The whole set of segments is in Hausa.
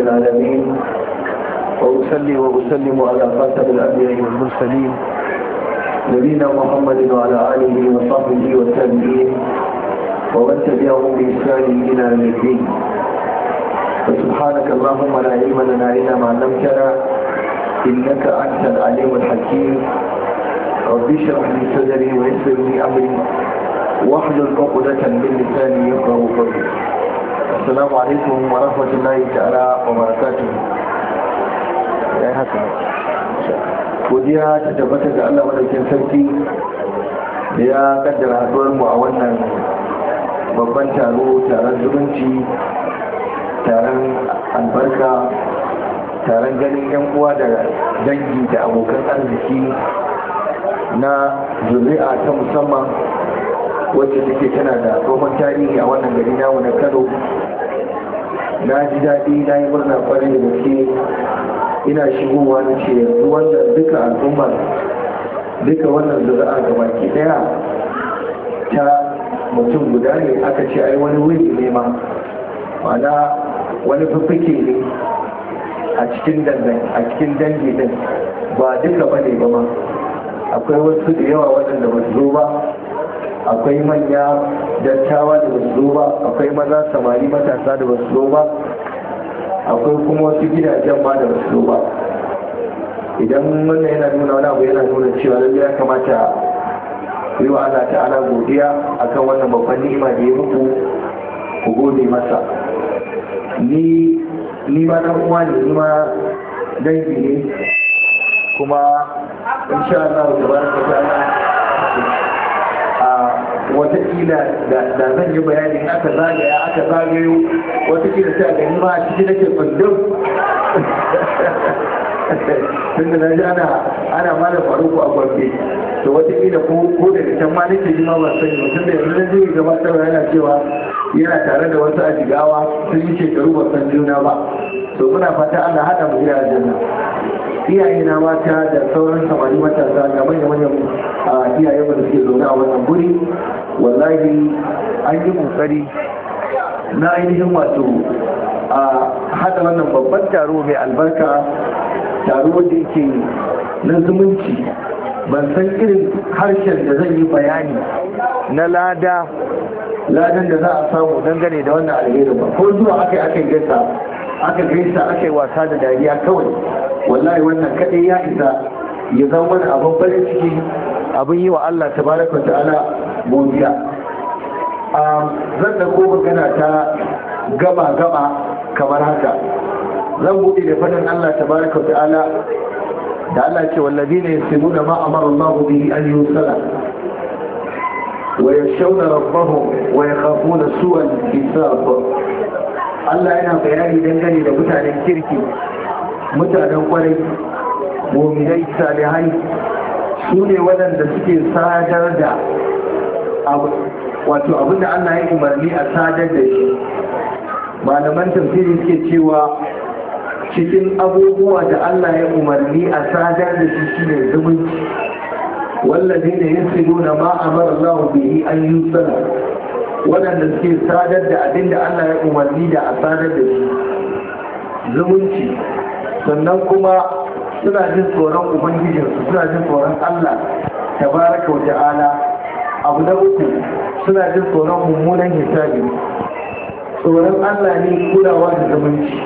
العالمين وأسلم وأسلم على خاتم الأنبياء والمرسلين نبينا محمد وعلى آله وصحبه والتابعين ومن تبعهم بإحسان إلى يوم الدين فسبحانك اللهم لا علم لنا إلا ما علمتنا إنك أنت العليم الحكيم رب اشرح لي صدري ويسر لي أمري واحلل عقدة من لساني يقرأ قولي السلام عليكم ورحمة الله تعالى وبركاته يا حسن godiya ta tabbatar da Allah madaukin sarki da ya kaddara haɗuwar mu a wannan babban taro taron zumunci taron albarka taron ganin yan uwa da dangi da abokan arziki na zuri'a ta musamman wacce take tana da tsohon tarihi a wannan gari namu na kano na ji daɗi na yi murna ƙwarai da ke ina shigowa na ce yanzu wannan duka al'umma duka wannan zuri'a ga baki ɗaya ta mutum guda ne aka ce ai wani wuri ne ma ma'ana wani fiffike ne a cikin a cikin dangi din ba duka ba ne ba ma akwai wasu da yawa waɗanda ba su zo ba akwai manya dattawa da basu zo ba akwai maza samari matasa da basu zo ba akwai kuma wasu gidajen ma da basu zo ba idan wannan yana nuna wani abu yana nuna cewa lallai ya kamata yi wa Allah ta'ala godiya akan wannan babban ni'ima da ya muku ku gode masa ni ni ma dan uwa ne ni ma dangi ne kuma insha Allah tabaraka ta'ala watakila da zan yi bayani aka zagaya aka zagayo watakila ta a gani ma a ciki nake kundin tunda na ji ana ana malam faruku a gwamfe, to watakila ko ko daga can ma nake ji ma ban sani ba tunda yanzu na gaba gabatarwa yana cewa yana tare da wasu a jigawa sun yi shekaru ba san juna ba to muna fata ana haɗa mu gidajen nan iyaye na mata da sauran samari matasa ga manyan manyan iyayen da suke zaune a wannan guri wallahi an yi kokari na ainihin wato a haɗa wannan babban taro mai albarka taro wanda yake na zumunci ban san irin harshen da zan yi bayani na lada ladan da za a samu dangane da wannan alherin ba ko zuwa aka yi aka gaisa aka gaisa aka yi wasa da dariya kawai wallahi wannan kadai ya isa ya zama mana abin farin ciki abin yi wa Allah tabaraka wa ta'ala godiya zan da ko magana ta gaba kamar haka zan buɗe da fadin Allah tabaraka wa ta'ala da Allah ce wallazi ne yasimu da ma Allah bihi an yusala wa yashawna rabbahum wa yakhafuna su'al hisab Allah yana bayani dangane da mutanen kirki mutanen kwarai gominai salihai su ne waɗanda suke sadar da wato abinda allah ya umarni a sadar da shi malaman tafiri suke cewa cikin abubuwa da allah ya umarni a sadar da shi shine zumunci والذين يسلون ما أمر الله an yi sana waɗanda suke sadar da abinda Allah ya umarni da a sadar da shi zumunci sannan kuma suna jin tsoron ubangijinsu suna jin tsoron allah ta baraka wa ta'ala abu na uku suna jin tsoron mummunan hisabi tsoron allah ne kulawa da zumunci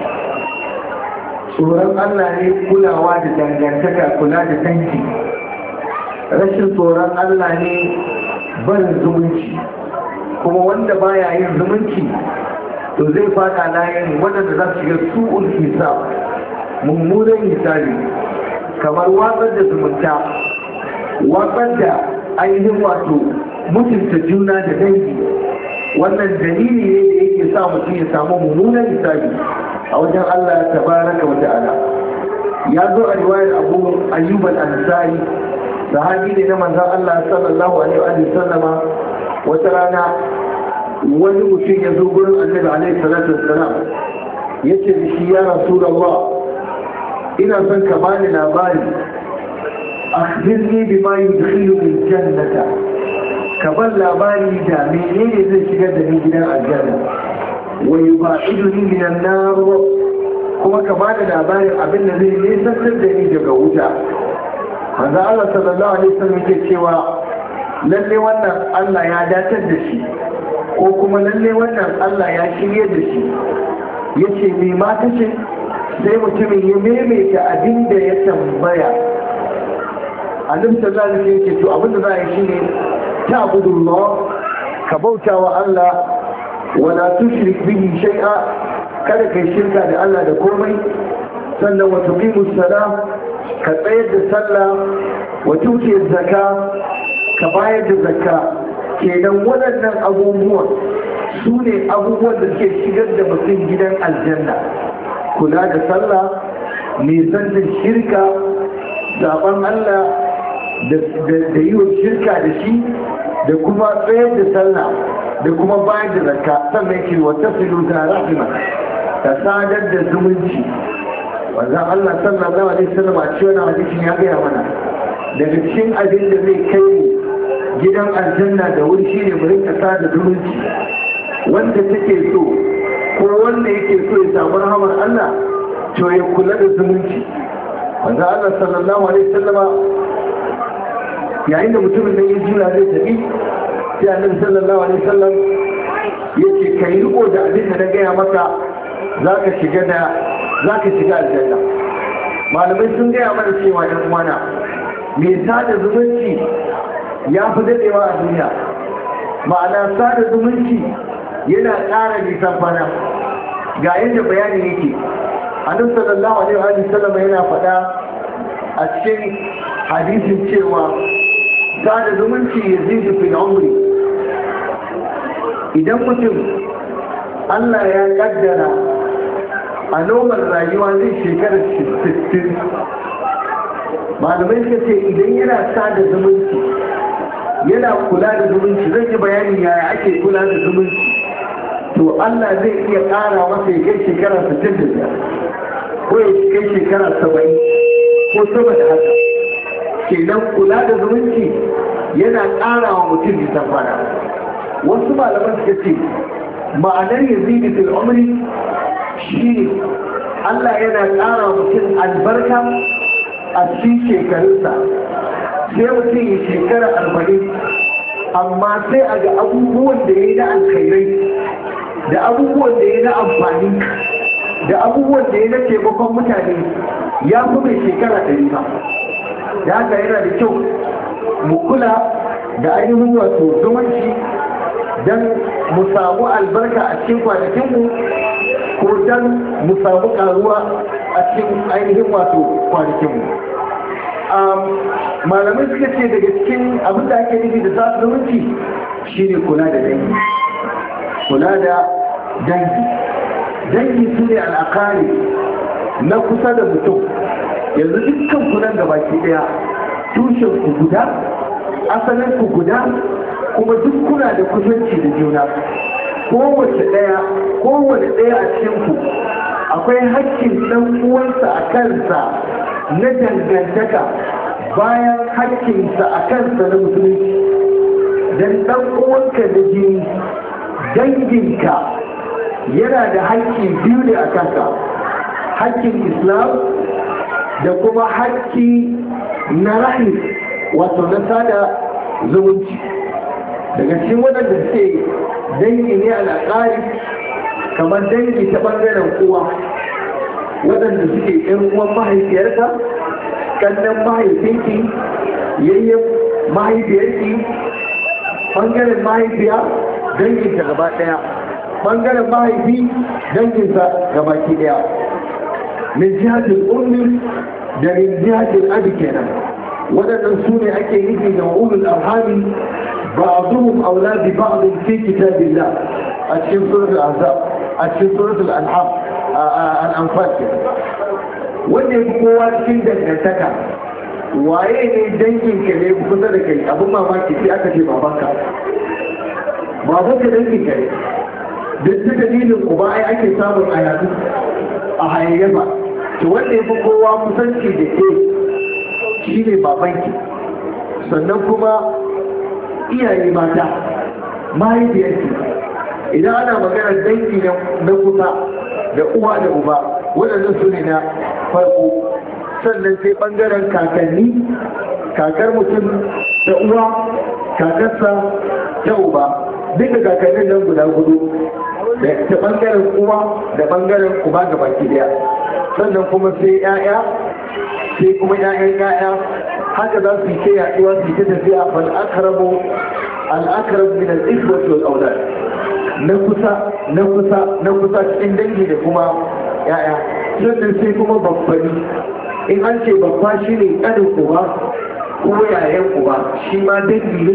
tsoron allah ne kulawa da dangantaka kula da tanki rashin tsoron allah ne barin zumunci kuma wanda baya yin zumunci to zai fada layin wadanda za su shiga su'ul hisab mummunan misali kamar watsar da zumunta watsar da ainihin wato mutunta juna da dangi wannan dalili ne da yake sa mutum ya samu mummunan misali a wajen Allah tabaraka wa ta'ala ya zo a riwayar Abu ayyuban al-Ansari sahabi ne na manzon Allah sallallahu alaihi wa sallama wata rana wani mutum ya zo gurin Annabi alaihi salatu wassalam yace shi ya Rasulullah ina son ka bani labari akhbirni bima yudkhilu min jannata ka ban labari da menene zai shigar da ni gidan aljanna wa ni min na ruwa? kuma ka bani labarin abin da zai nisantar da ni daga wuta manzo Allah sallallahu alaihi wasallam yake cewa lalle wannan Allah ya datar da shi ko kuma lalle wannan Allah ya shirye da shi yace me ma ce? sai mutumin ya maimaita abin da ya tambaya annabi za a ke to abin da za a yi shine ma ka bauta wa Allah wala tushrik bihi shay'a kada kai shirka da Allah da komai sannan wa tuqimus salah ka tsayar da sallah wa tuti zakka ka bayar da zakka kenan waɗannan abubuwan su ne abubuwan da suke shigar da mutum gidan aljanna kula da sallah nisantar shirka zaben allah da yi wa shirka da shi da kuma tsayar da sallah da kuma bayar da zakka sannan ke wata filuta rahima ta sadar da zumunci wanda allah sallah sallallahu alaihi wasallam a ciwon hadisin ya gaya mana daga cikin abin da zai kai gidan aljanna da wuri shine mu rinka sada zumunci wanda take so ko wanda yake so ya samu rahamar Allah to ya kula da zumunci wanda Allah sallallahu alaihi wasallama yayin da mutumin nan ya juna zai tafi sai annabi sallallahu alaihi wasallam ka kai riko da abin da na gaya maka zaka shiga da zaka shiga aljanna malamai sun gaya mana cewa dan uwana me sada zumunci ya fi dadewa a duniya ma'ana sada zumunci yana ƙara nisan fana ga yadda bayani yake annabi sallallahu alaihi wa sallama yana faɗa a cikin hadisin cewa sada zumunci ya zidu fil umri idan mutum Allah ya ƙaddara, a nomar rayuwa zai shekarar 60 malamai ka ce idan yana sada zumunci yana kula da zumunci zan ji bayani yaya ake kula da zumunci to Allah zai iya ƙara masa ya kai shekara 65 ko ya kai shekara 70 ko sama da haka kenan kula da zumunci yana ƙara wa mutum da fara wasu malaman suka ce ma'anar zai da umri shi Allah yana ƙara wa mutum albarka a cikin shekarunsa sai mutum ya shekara arba'in amma sai a ga abubuwan da ya yi na alkhairai da abubuwan da ya na amfani da abubuwan da ya na taimakon mutane ya fi mai shekara ɗari ba da haka yana da kyau mu kula da ainihin wato zumanci don mu samu albarka a cikin kwanakinmu ko don mu samu karuwa a cikin ainihin wato kwanakinmu malamai suka ce daga cikin abin da ake nufi da sa zumunci shine kula da dangi kula da dangi dangi su ne al'akari na kusa da mutum yanzu dukkan kunan da baki daya tushen ku guda asalin ku guda kuma duk kuna da kusanci da juna kowace daya kowace daya a cikin ku akwai hakkin dan uwansa a kansa na dangantaka bayan hakkinsa a kansa na musulunci dan dan uwanka da jini danginka yana da haƙƙi biyu ne a kanka haƙƙin islam da kuma haƙƙi na rahim wato na sada zumunci daga cikin waɗanda suke dangi ne alaƙari kamar dangi ta ɓangaren uwa waɗanda suke ɗan uwan mahaifiyarka ƙannan mahaifinki yayyen mahaifiyarki ɓangaren mahaifiya danginta gaba ɗaya ɓangaren mahaifi danginsa gabaki ɗaya min jihatin ummi da min jihatin abi kenan waɗannan su ne ake nufi da ulul arhami بعضهم أولاد بعض a كتاب الله أتشين سورة الأحزاب أتشين سورة الأنحاب الأنفال كده wanda ya fi kowa cikin dangantaka waye ne dangin ka ne kusa da kai abin mamaki sai aka ce babanka baban ka dangin ka ne duk ta dalilin uba ai ake samun a yanzu a hayayyafa to wanda ya fi kowa kusanci da ke shi ne babanki sannan kuma iyaye mata mahaifiyarki idan ana magana dangi na kusa da uwa da uba waɗannan su ne na farko sannan sai ɓangaren kakanni kakar mutum da uwa kakarsa ta uba duka kakannin nan guda hudu da bangaren kuma da bangaren kuma ga baki daya sannan kuma sai ya'ya sai kuma ya'yan ya'ya haka za su yi ta yaduwa su yi tafiya fal akrabu al akrab min al ikhwati wal awlad na kusa na kusa na kusa cikin dangi da kuma ya'ya sannan sai kuma babbani in an ce babba shine kanin kuma ko yayan kuma shi ma dangi ne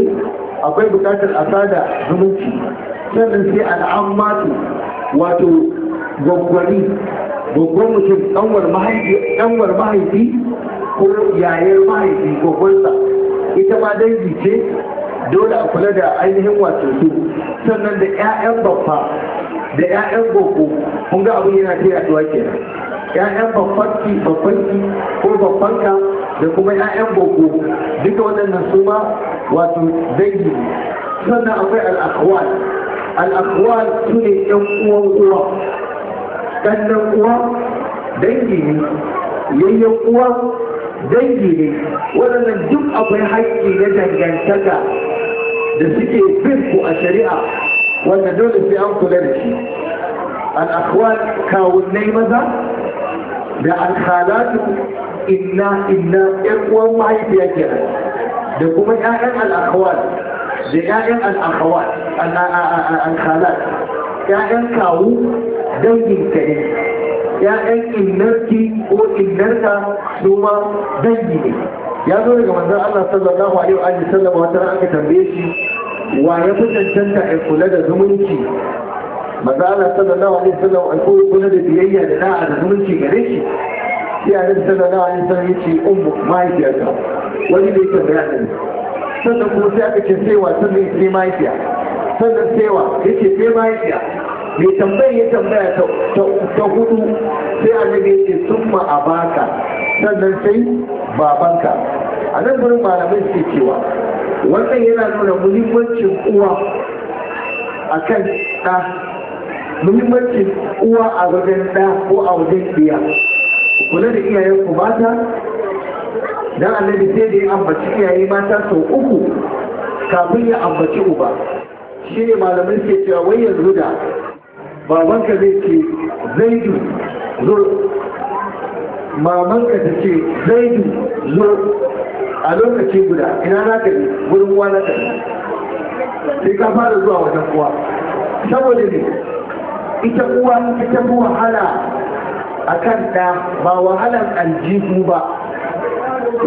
akwai bukatar a sada zumunci sannan sai al'ammatu wato gwaggwani gwaggwan mutum ɗanwar mahaifi ko yayar mahaifi gwaggwansa ita ma dangi ce dole a kula da ainihin wato su sannan da 'ya'yan babba da 'ya'yan gogo kun ga abin yana ta yaduwa kenan 'ya'yan babbanki ko babbanka da kuma 'ya'yan boko, duka waɗannan su ma وتدين من أطيع الأخوان الأخوان تلي يقوى القوى كان القوى دينه يقوى دينه ولا نجم أطيع حيث يجب أن تكا لسكي بيرك أشريعة والندول في أمط لرشي الأخوان كاو النيمزة بأن خالاتكم إنا إنا إقوى معي بيجرد da kuma ƴaƴan al'akawal, da ƴaƴan al'akhawat al'khalat ƴaƴan kawu dangin ka ne ƴaƴan innarki ko innarka su ma dangi ne ya zo daga manzon Allah sallallahu alaihi wa sallam wata aka tambaye shi wa ya fi cancanta a kula da zumunci maza Allah sallallahu alaihi wasallam an koyi kula da biyayya da da'a da zumunci gare shi sai a sallallahu alaihi wasallam ya ce ummu mahaifiyarka wani da yake da ne sannan kuma sai aka ce saiwa sannan sai mahaifiya sannan ya yake sai mahaifiya mai tambaya ya tambaya ta hudu sai annabi ya ce summa abaka sannan sai babanka a nan gurin malamai suke cewa wannan yana nuna muhimmancin uwa a kan ɗa muhimmancin uwa a wajen ɗa ko a wajen ɗiya kula da iyayen ku mata dan annabi sai da ya ambaci iyaye mata sau uku kafin ya ambaci uba shi ne malamin ke cewa wai yanzu da babanka zai ce zaidu zur mamanka ta ce zaidu zur a lokacin guda ina na gari wurin uwa na gari sai ka fara zuwa wajen uwa saboda ne ita uwa ita wahala akan ɗa ba wahalar aljihu ba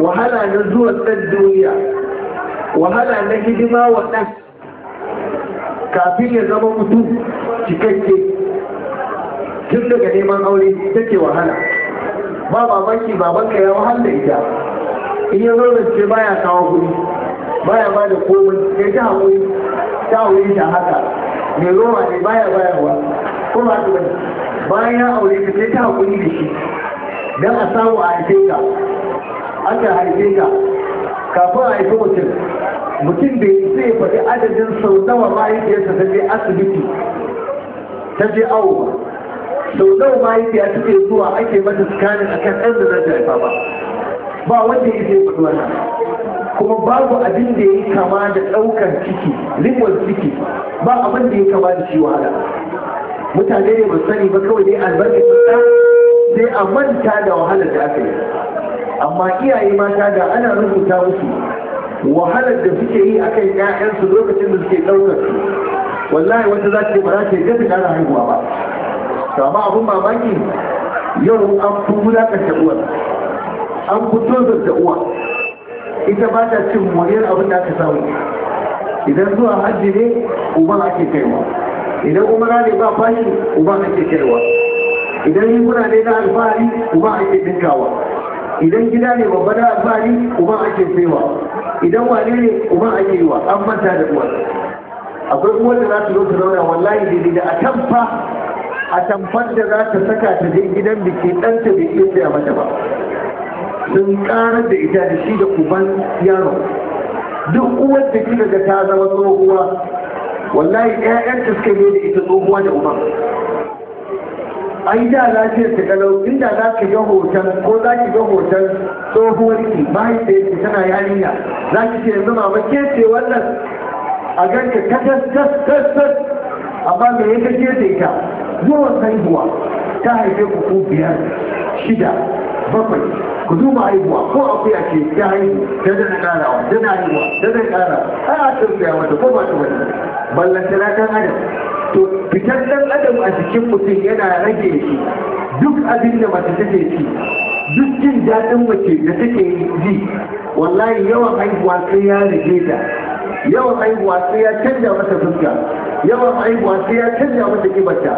wahala na zuwa ɗan duniya wahala na hidima wa ɗan kafin ya zama mutu, cikakke tun daga neman aure take wahala ba babanki babanka ya wahala ita in yi zo ce baya kawo kuɗi baya ba da komai ya ta haƙuri ta wuri ta haka mai roma ne baya bayarwa Kuma ba bayan ya aure ka sai ta haƙuri da shi don a samu a aikinka ka aka haife ka kafin a haifi mutum mutum bai zai faɗi adadin sau nawa mahaifiyarsa ta je asibiti ta je awo ba sau nawa mahaifiya take zuwa ake mata scanning akan ɗan da zai haifa ba ba wanda ya zai faɗi wannan kuma babu abin da ya kama da ɗaukar ciki limon ciki ba abin da ya kama da shi wahala mutane ne ba sani ba kawai dai albarkacin ɗan sai a manta da wahalar da aka yi amma iyaye mata da ana rubuta musu wahalar da suke yi a kan ƴaƴansu lokacin da suke ɗaukar su wallahi wata za ta yi bara ta gasa ƙara haihuwa ba to amma abin mamaki yau an fi wulaƙanta uwar an fi da uwa ita ba ta cin moriyar abin da aka samu idan zuwa hajji ne uba ake kaiwa idan umara ne ba fashi uba ake kaiwa idan yi kuna ne na alfahari uba ake dinkawa idan gida ne babba da alfahari kuma ake saiwa idan wane ne kuma ake yi wa an manta da uwar akwai uwar da za su zo su zauna wallahi daidai da a atamfar da za ta saka ta je gidan biki ɗanta bai iya tsaya mata ba sun karar da ita da shi da kuban yaro duk uwar da kika ga ta zama tsohuwa wallahi 'ya'yanta suka ne da ita tsohuwa da uban ai da lafiyar ta kalau inda za ka ga hoton ko za ki ga hoton tsohuwar ki mahaifiyarki tana yarinya za ki ce yanzu ma ke ce wannan a ganka katas tas tas amma me ya kace da ita zuwan haihuwa ta haife ku ku biyar shida bakwai ku duba haihuwa ko akuya ce ta haihu ta da karawa ta da haihuwa ta da karawa ai a turbiya mata ko ba ta wani ballantana kan adam to fitar ɗan adam a cikin mutum yana rage shi duk abin da mace take ci duk jin daɗin mace da take ji wallahi yawan haihuwa sai ya rage ta yawan haihuwa sai ya canja mata fuska yawan haihuwa sai ya canja mata kibarta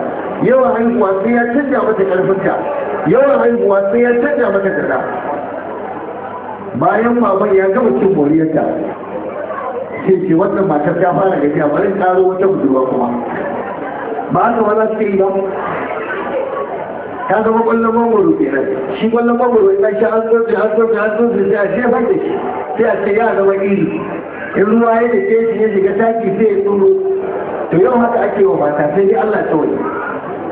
yawan haihuwa sai ya canja mata ƙarfinta yawan haihuwa sai ya canja mata tsada, bayan maman ya gama cin moriyarta sai ce wannan matar ta fara gajiya bari tsaro wata budurwa kuma ba haka ba za su yi ba ya zama kwallon ke nan shi kwallon mamuru ya shi an zoce an zoce an zoce sai a shefa da shi sai a shiga a zama iri in ruwa ya da ke shi ya shiga taki sai ya tsoro to yau haka ake wa mata sai dai Allah ta wani.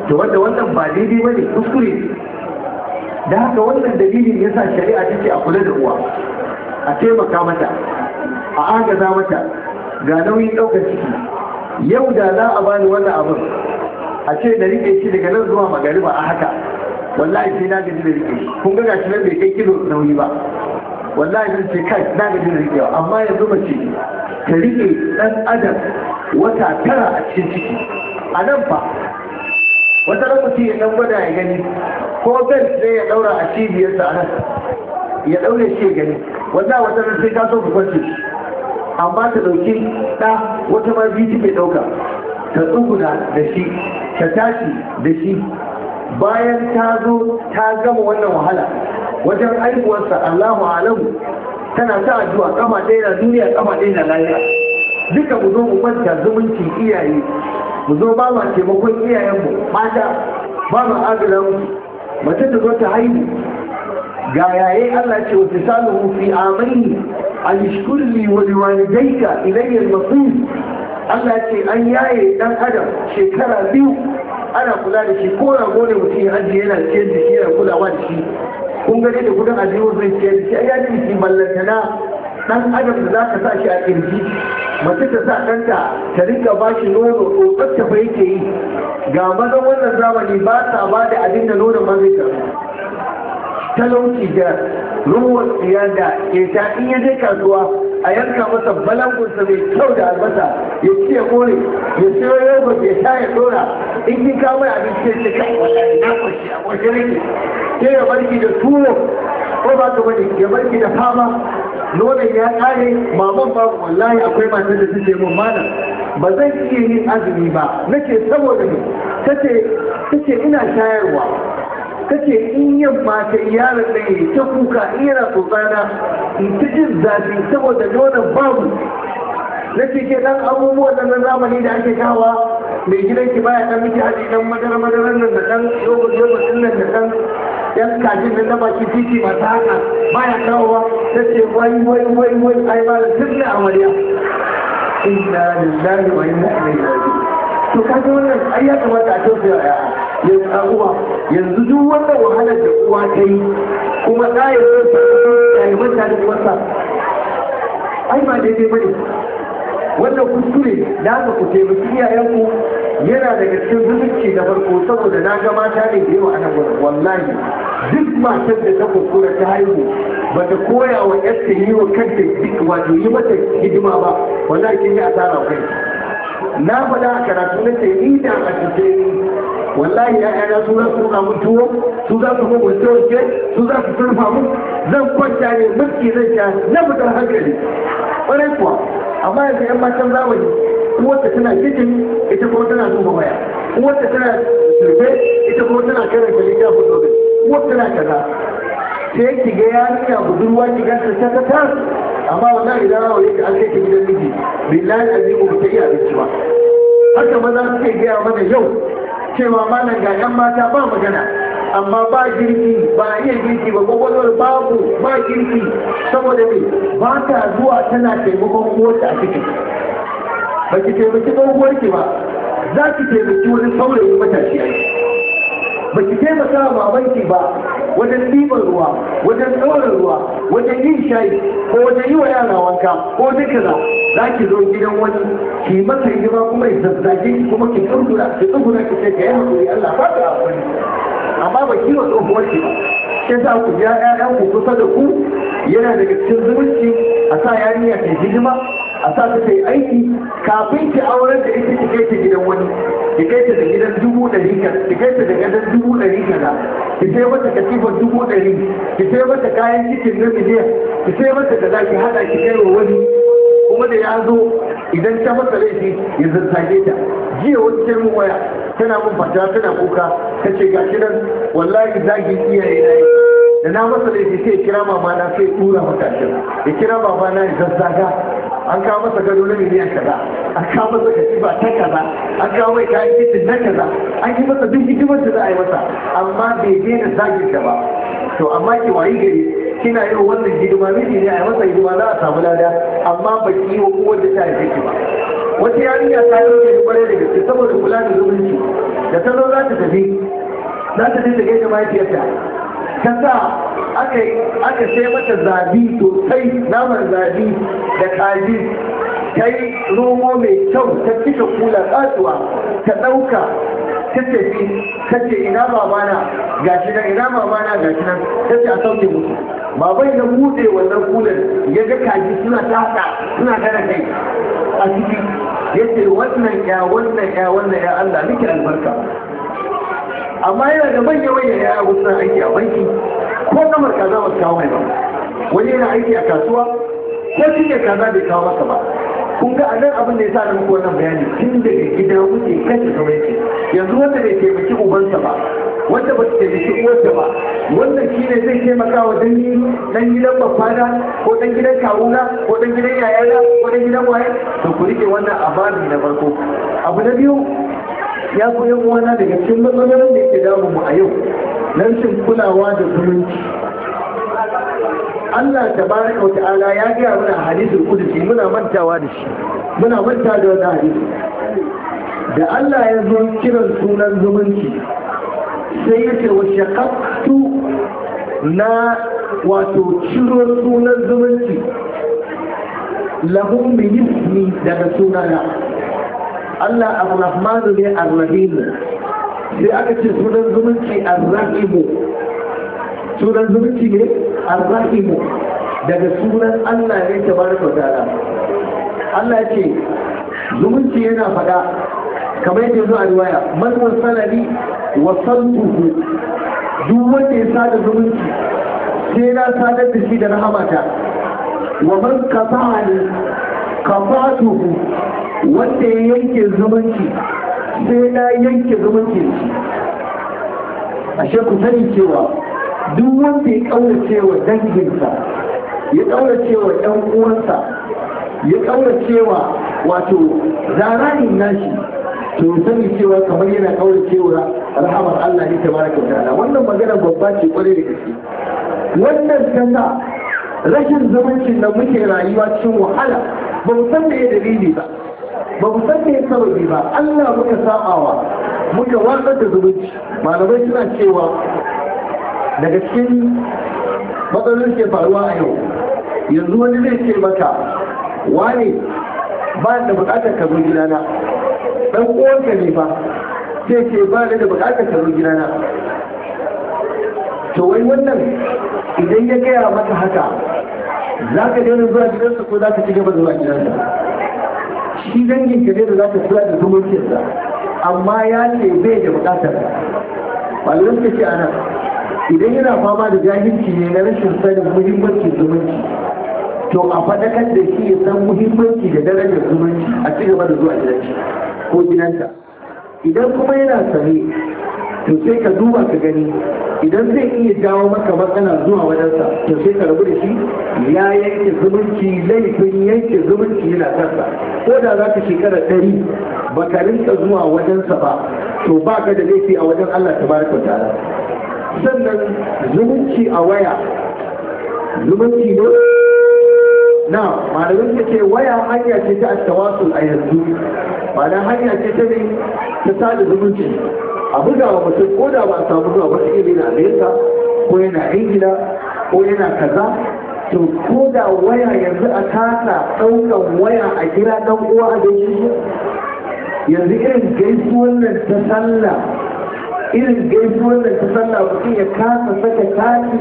to wanda wannan ba daidai ba ne kuskure da haka wannan dalilin ya sa shari'a take a kula da uwa a taimaka mata a agaza mata ga nauyin ɗaukar ciki yau da za a bani wannan abin a ce da rike shi daga nan zuwa magariba a haka wallahi sai na gaji da rike kun ga gashi nan bai kai kilo nauyi ba wallahi zan ce kai na gaji da rike amma yanzu mace ta rike dan adam wata tara a cikin ciki a nan fa wata mutum ya dan gwada ya gani ko gan sai ya daura a cibiyarsa a nan ya daure shi ya gani wallahi wata sai ka so ku kwance shi amma ta ɗauki ɗa wata ma biyu ɗauka ta tsuguna da shi ta tashi da shi bayan ta zo ta gama wannan wahala wajen aikuwarsa Allahu alamu tana ta addu'a kama ɗaya na duniya kama ɗaya na lafiya duka mu zo mu kwanta zumuncin iyaye mu zo ba ma taimakon iyayenmu mata ba ma agaza mu mace ta zo ta haihu ga yaye Allah ce wata tisaluhu fi amai an shkurli wa liwalidayka ilayya al mafi? Allah ce an yaye dan adam shekara biyu ana kula da shi ko na ne mutum ya ajiye yana ciyar da shi yana kulawa da shi kun gani da kudin ajiyo zai ciyar da shi ya ji shi ballantana dan adam da ka sa shi a kirji mace ta sa ɗanta ta rinka ba shi nono tsotsar ta fa yake yi ga mazan wannan zamani ba sa ba da abin da nonon ma talauci da ruwan tsiya ke keta ya zai kasuwa a yanka masa balangunsa mai kyau da albasa ya ci ya kore ya siyo yogurt ya sha ya dora in kin kawo mai abinci ya ce ka wallahi na kwashi a kwashe rike Ke ya barki da tuwo ko ba ka bane ya barki da fama nonon ya kare maman ba wallahi akwai matar da suke mun mana ba zan iya yin azumi ba nake saboda ne ta ce ina shayarwa kake in yamma ta yaron da ya ta kuka ira tsada in ta jin zafi saboda nonon babu na cike dan abubuwan da na zamani da ake kawa mai gidan ki baya ta miki haɗi dan madara madaran nan da ɗan, yogur yogur din nan da ɗan, yan kajin nan na baki titi masu haka baya kawowa ta ce wai wai wai wai ai ba da sirri amarya inna lillahi wa inna ilaihi raji'un to kaji wannan ai ya kamata a tausaya ya'a yanzu duk wannan wahalar da uwa ta yi kuma ɗaya zai sa ya manta da uwarsa ai ba daidai ba ne wannan kuskure da aka ku taimaki iyayenku yana daga cikin zumunci da farko saboda na ga mata ne da yawa a gurin wallahi duk matar da ta kuskura ta haihu ba ta koya wa yarta yi wa kanta duk wato yi mata hidima ba wallahi kin yi asara kai na faɗa a karatu na ce ni da a cikin wallahi ya'yana su za su nuna mun tuwo su za su kuma wanke su za su turfa mu zan kwanta ne mulki zan sha na fitar hankali ƙwarai kuwa amma yanzu yan matan zamani uwarta tana kicin ita kuma tana duba waya uwarta tana surfe ita kuma tana karanta littafin dole uwarta tana kaza sai ki ga yarinya budurwa ki ga ta ta ta amma wannan idan rawa yake an kai ki gidan miji billahi azimu ta iya abinci ba haka maza suke gaya mana yau cewa malam ga yan mata ba magana amma ba girki ba a iya girki ba kwakwalwar babu ba girki saboda me ba ta zuwa tana taimakon kowace a cikin ba ki taimaki ɗan ba za ki taimaki wani saurayi matashiya ba ki taimaka ba babanki ba wajen ɗiban ruwa wajen ɗaura ruwa wajen yin shayi ko wajen yi wa yara wanka ko duka za za ki zo gidan wani ki masa hidima kuma ya zazzage ki kuma ki tsundura ki tsundura ki ce ka yi haƙuri Allah ba ka haƙuri amma ba ki wa tsohuwar ki ba sa ku ja ku kusa da ku yana daga cikin zumunci a sa yarinya ta hidima a sa ta ta yi aiki kafin ki aurar da ita ki kai ta gidan wani ki kai ta da gidan dubu ɗari ka ki kai ta da gidan dubu ɗari ka na. ki sai mata katifar dubu ɗari ki sai mata kayan kicin na miliyan ki sai mata kaza ki haɗa ki kai wa wani kuma da ya zo idan ta masa laifi ya zartage ta jiya wani kirmi waya tana mun fata tana kuka ta ce ga shi nan wallahi zagin iyaye na yi da na masa laifi sai kira mama na sai tura mata shi ya kira baba na ya zazzaga an kawo masa gado na miliyan kaza an kawo masa katifa ta kaza an kawo mai kayan kitin na kaza an yi masa duk hidimar da za a yi masa amma bai daina zagin ka ba to amma ki wayi gari kina yi wannan hidima miji ne a yi masa hidima za a samu lada amma ba ki yi wa uwar da ta haife ki ba wata yarinya ta yi rage kwarai daga gaske saboda kula da zumunci da ta zo za ta tafi za ta je ta gaida mahaifiyarta ta sa aka sai mata zabi sosai naman zabi da kaji ta yi romo mai kyau ta cika kula kasuwa ta ɗauka ta tafi ta ce ina babana ga shi nan ina babana ga shi nan ta ce a sauke musu baban ya buɗe wannan kulan ya ga kaji suna ta haɗa suna tara kai a ciki ya ce wannan ya wannan ya wannan ya Allah muke albarka amma yana da manya-manya ya abu suna aiki a banki ko namar kaza ba su kawo mai ba wani yana aiki a kasuwa ko ne kaza bai kawo masa ba kun ga anan abin da ya sa na muku wannan bayani tun daga gida kuke kashe gwamnati yanzu wanda bai taimaki ubansa ba wanda ba su taimaki uwarsa ba wannan shi ne zai taimaka wa dangi dan gidan babbana ko dan gidan kawuna ko dan gidan yayana ko dan gidan waye to ku rike wannan abami na farko abu na biyu ya ku uwana daga cikin matsalolin da ke damun mu a yau na rashin kulawa da zumunci Allah ta tabaraka kauta ta'ala ya gaya mana hadisul kudusi muna mantawa da shi muna manta da wannan hadisi da Allah ya zo kiran sunan zumunci sai ya ce wa shaqaqtu na wato ciro sunan zumunci lahum bi ismi daga sunana Allah ar-rahmanu ne ar-rahim sai aka ce sunan zumunci arrahimu sunan zumunci ne daga sunan Allah ne bari ta'ala Allah ya ce zumunci yana faɗa kamar yadda zo a riwaya man wasalani ku duk wanda ya sada zumunci sai na sadar da shi da rahamata wa man kafa'ani kafatuhu wanda ya yanke zumunci sai na yanke zumunci ashe ku sani cewa duk wanda ya kaurace wa danginsa ya kaurace wa ɗan uwansa ya kaurace wa wato zaranin nashi to sani cewa kamar yana kaurace wa rahamar Allah ne tabaraka ta'ala wannan magana babba ce kwarai da gaske wannan kasa rashin zumuncin da muke rayuwa cikin wahala ba mu san da ya dalili ba ba mu san me sababi ba Allah muka sa'awa muka wasa da zumunci malamai suna cewa daga cikin matsalolin ke faruwa a yau yanzu wani zai ce maka wane ba da bukatar ka zo gidana dan uwanka ne fa sai ce ba da bukatar ka zo gidana to wai wannan idan ya gaya maka haka za ka daina zuwa gidansa ko za ka ci gaba zuwa gidansa shi dangin ka da za ka kula da zumuncinsa amma ya ce bai da bukatar malamai ta ce anan idan yana fama da jahilci ne na rashin sanin muhimmancin zumunci to a faɗakar da shi ya san muhimmanci da darajar zumunci a cigaba da zuwa gidanci ko gidanta idan kuma yana sane to sai ka duba ka gani idan zai iya jawo maka matsala zuwa wajensa to sai ka rabu da shi ya yanke zumunci laifin yanke zumunci yana kansa ko da za ka shekara ɗari ba ka rinka zuwa wajensa ba to ba ka da laifi a wajen Allah Ta tabaraka ta'ala sannan zumunci a waya zumunci ne na malamin ce waya hanya ce ta tawasul a yanzu ba hanya ce ta ne ta sada zumunci a buga wa mutum ko da ba samu zuwa wata iri na amerika ko yana ingila ko yana kaza to ko da waya yanzu a kasa ɗaukan waya a kira ɗan uwa a gaishe yanzu irin gaisuwan nan ta sallah irin gaisu wannan ta sallah mutum ya kasa saka kati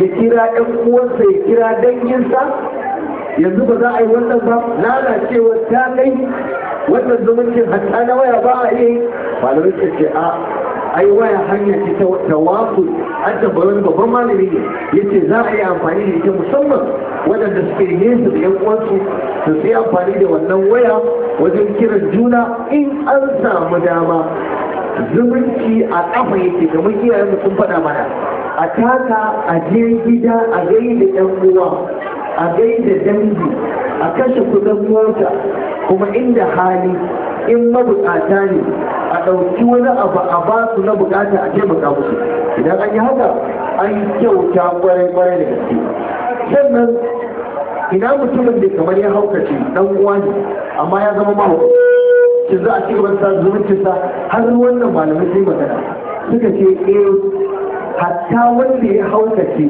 ya kira ɗan uwansa ya kira danginsa yanzu ba za a yi wannan ba lalacewar ta kai wannan zumuncin hatta na waya ba a yi malamai suka ce a ai waya hanya ce ta tawafu an tabbara babban malami ne yace za a yi amfani da ita musamman waɗanda suke nesa da yan uwansu su sai amfani da wannan waya wajen kiran juna in an samu dama zumunci a kafa yake kamar iyayen sun faɗa mana a taka a je gida a da yan uwa a gaida dangi a kashe kudin mota kuma inda hali in mabukata ne a ɗauki wani abu a ba su na bukata a taimaka musu idan an yi haka an yi kyauta kwarai kwarai da gaske sannan ina mutumin da kamar ya haukace dan uwa ne amma ya zama mahaukaci ki za a sa gaban sa zumuncinsa har wannan malamai sai magana suka ce eh hatta wanda ya haukace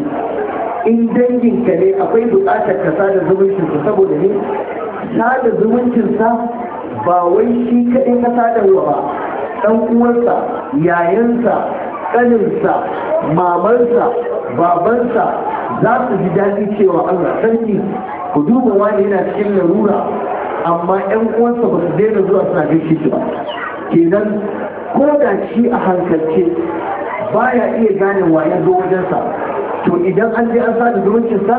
in danginka ne akwai buƙatar ka sada zumuncinsa saboda ne sada sa ba wai shi kaɗai ka sadarwa ba ɗan uwansa yayansa ƙaninsa mamansa babansa za su ji daɗi cewa allah sarki ku duba wani yana cikin larura amma 'yan uwansa ba su daina zuwa suna gaishe shi ba kenan ko da shi a hankalce baya iya gane wa ya zo wajensa to idan an je an sada zumuncin sa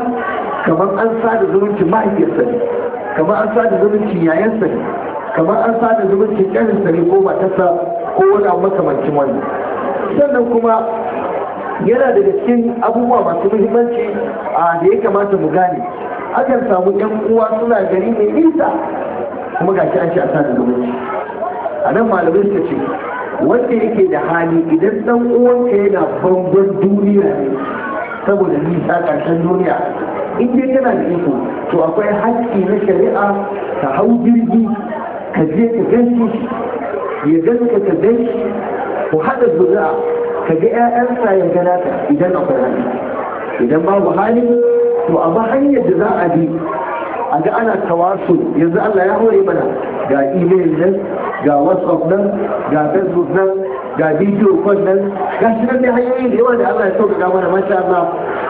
kamar an sada zumuncin mahaifiyarsa ne kamar an sada zumuncin yayansa ne kamar an sada zumuncin ƙarinsa ne ko matarsa ko wani abu makamancin wani sannan kuma yana daga cikin abubuwa masu muhimmanci a da ya kamata mu gane akan samu ƴan uwa suna gari mai nisa kuma gashi an ce a sada zumunci a nan malamai suka ce wanda yake da hali idan ɗan uwanka yana bangon duniya ne saboda nisa ƙarshen duniya in dai tana da iko to akwai haƙƙi na shari'a ta hau jirgi ka je ka gansu ya ganka ka gansu ku haɗa zuri'a ka ga 'ya'yansa ya gana ta idan akwai hali idan babu hali to a ba hanyar da za a bi a ga ana tawasul yanzu Allah ya hore mana ga email nan ga whatsapp nan ga facebook nan ga bidiyo gashi nan ga hanyoyin da yawa da Allah ya sauƙaƙa mana masha Allah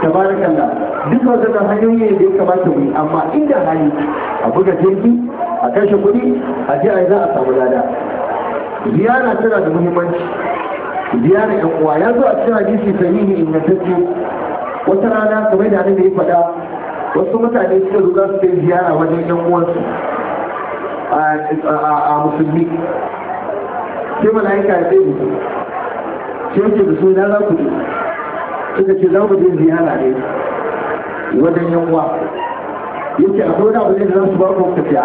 tabarakallah duk wannan hanyoyi ne da ya kamata mu yi amma inda hali a buga jirgi a kashe kuɗi a je a za a samu lada ziyara tana da muhimmanci ziyara yan uwa ya zo a cikin hadisi sahihi ingantacce wata rana kamar da da ya faɗa wasu mutane suka zo za su kai ziyara wajen yan uwansu a musulmi sai mala'ika ya tsaye mutu sai ce da suna za ku je suka ce za ku je ziyara ne wajen yanwa ya ce akwai wani abu ne da za su ba ku ka ce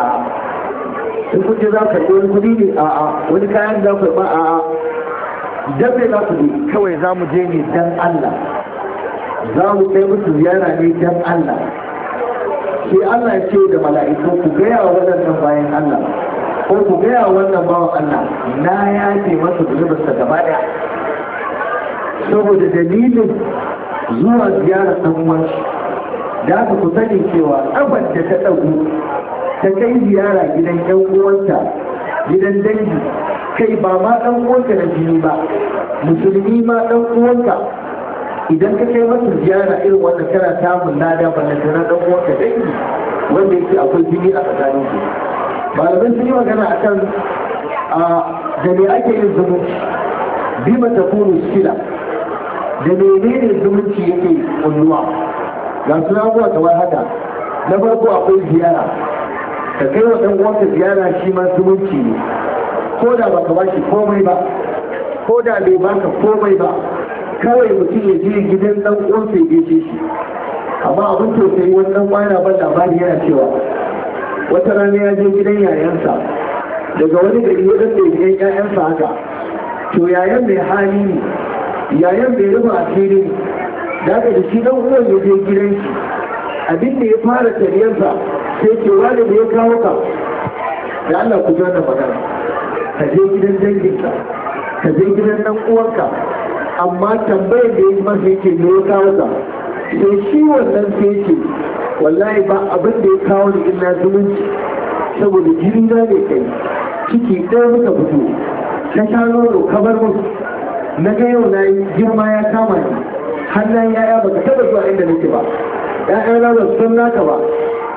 in kun ce za ku karɓi wani kuɗi ne a'a wani kayan za ku karɓa a'a dan me za ku je kawai za mu je ne dan Allah za mu kai musu ziyara ne dan Allah sai Allah ya ce da mala'iku ku gaya wa waɗannan bayan Allah ko ku gaya wannan bawan Allah na ce masa zunubinsa gaba ɗaya saboda dalilin zuwa ziyara ɗan uwansu da aka ku sani cewa ƙafar da ta ɗagu ta kai ziyara gidan ƴan uwanta gidan dangi kai ba ma ɗan uwanka na jini ba musulmi ma ɗan uwanka idan ka kai masa ziyara irin wanda kana samun lada ballantana ɗan uwanka dangi wanda yake akwai jini a tsakaninsu malaman sun yi magana a kan da me ake yin zumunci bima ta kuru sila da menene zumunci yake kulluwa ga suna abubuwa kamar haka na farko akwai ziyara ka kai wa ɗan uwanka ziyara shi ma zumunci ne ko da baka ba shi komai ba ko da bai baka komai ba kawai mutum ya je gidan ɗan uwansa ya gaishe shi amma abin tausayi wannan bana ban labari yana cewa wata rana ya je gidan yayansa daga wani gari ya dace gidan yayansa haka to yayan mai hali ne yayan bai rufe fili ne da aka da shi ɗan uwan ya je gidan shi abin da ya fara tariyarsa sai ke wani da ya kawo ka da Allah ku jana magana ka je gidan danginka ka je gidan dan uwanka amma tambayar da ya yi masa yake ne ya kawo ka sai shi wannan sai ce wallahi ba abin da ya kawo ni ina zumunci saboda jini na ne kai ciki ɗaya muka fito na sha nono ka bar musu. na ga yau na yi girma ya kama ni har yaya ba ka taɓa zuwa inda nake ba ya'ya na ba su san naka ba